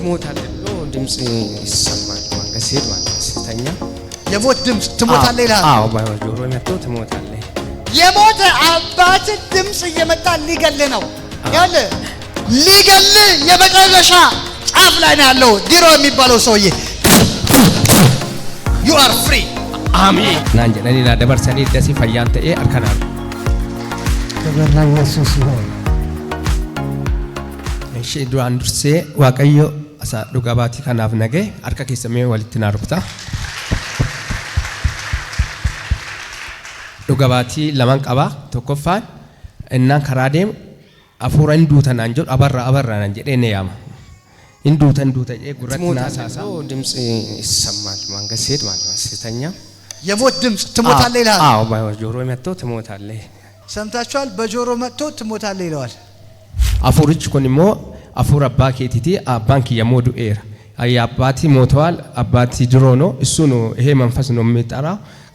ትሞታለህ ብሎ ድምፅ ይሰማል። ማንቀስ ሄድ ማንቀስ ስተኛ የሞት ድምፅ ትሞታለህ ይላል። ጆሮ መጥቶ ትሞታለህ። የሞተ አባት ድምፅ እየመጣ ሊገል ነው ያለ ሊገል የመጨረሻ ጫፍ ላይ ነው ያለው። ዲሮ የሚባለው ሰውዬ ዩ አር ፍሪ አሜን ናንጀ ለሌላ ደበርሰኔ ደሴ ፈያንተ አርከናል ኢየሱስ ነው እሺ ዱአን ዋቀዮ asa isa dhugabaati kanaaf nagee harka keessamee walitti naa rukuta. Dhugabaatii lamaan qabaa tokkoffaan innaan karaa deemu afuura hin duutanaan jedhu abarra abarra naan jedhee ni yaama. Hin duuta hin duuta jedhee gurratti naa saasaa. ድምፅ ይሰማል ማንገድ ሲሄድ ማለት ነው ስተኛ የሞት ድምፅ ትሞታለህ ይልሃል። አዎ ጆሮ መጥቶ ትሞታለህ። ሰምታችኋል? በጆሮ መጥቶ ትሞታለህ ይለዋል። አፉሪች ኩን immoo አፉር አባ ኬቲቲ አባን ኪየሞ ዱኤራ አባቲ ሞተዋል። አባቲ ድሮ ነው እሱ ነው። ይሄ መንፈስ ነው የሚጠራ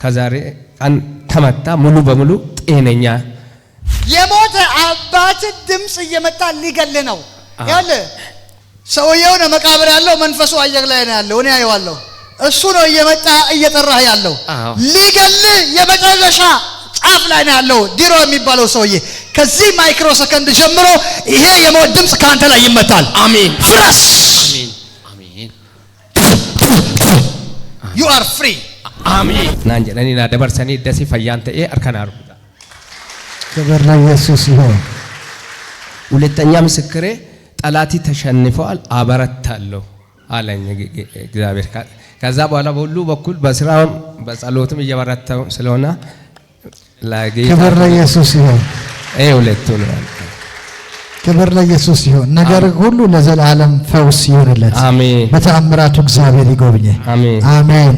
ከዛሬ ቀን ተመታ ሙሉ በሙሉ ጤነኛ የሞተ አባት ድምፅ እየመጣ ሊገል ነው ያለ ሰውየው ነው። መቃብር ያለው መንፈሱ አየር ላይ ነው ያለው። እኔ አየዋለሁ። እሱ ነው እየመጣ እየጠራ ያለው ሊገል የመጨረሻ ጫፍ ላይ ነው ያለው ዲሮ የሚባለው ሰውዬ ከዚህ ማይክሮ ሰከንድ ጀምሮ ይሄ የሞት ድምፅ ከአንተ ላይ ይመታል። አሜን። ፍረስ። ዩ አር ፍሪ። አሜን። ናንጀለኒና ደበርሰኒ ደሲ ፈያንተ አርከናሩ ክብር ለኢየሱስ ይሁን። ሁለተኛ ምስክሬ ጠላቲ ተሸንፈዋል፣ አበረታለሁ አለኝ እግዚአብሔር። ካ ከዛ በኋላ በሁሉ በኩል በስራም በጸሎትም እየበረታው ስለሆነ ክብር ለኢየሱስ ይሁን። ሁለት ብለዋል። ክብር ለኢየሱስ ይሁን። ነገር ሁሉ ለዘላለም ፈውስ ይሁንለት። አሜን። በተአምራቱ እግዚአብሔር አሜን።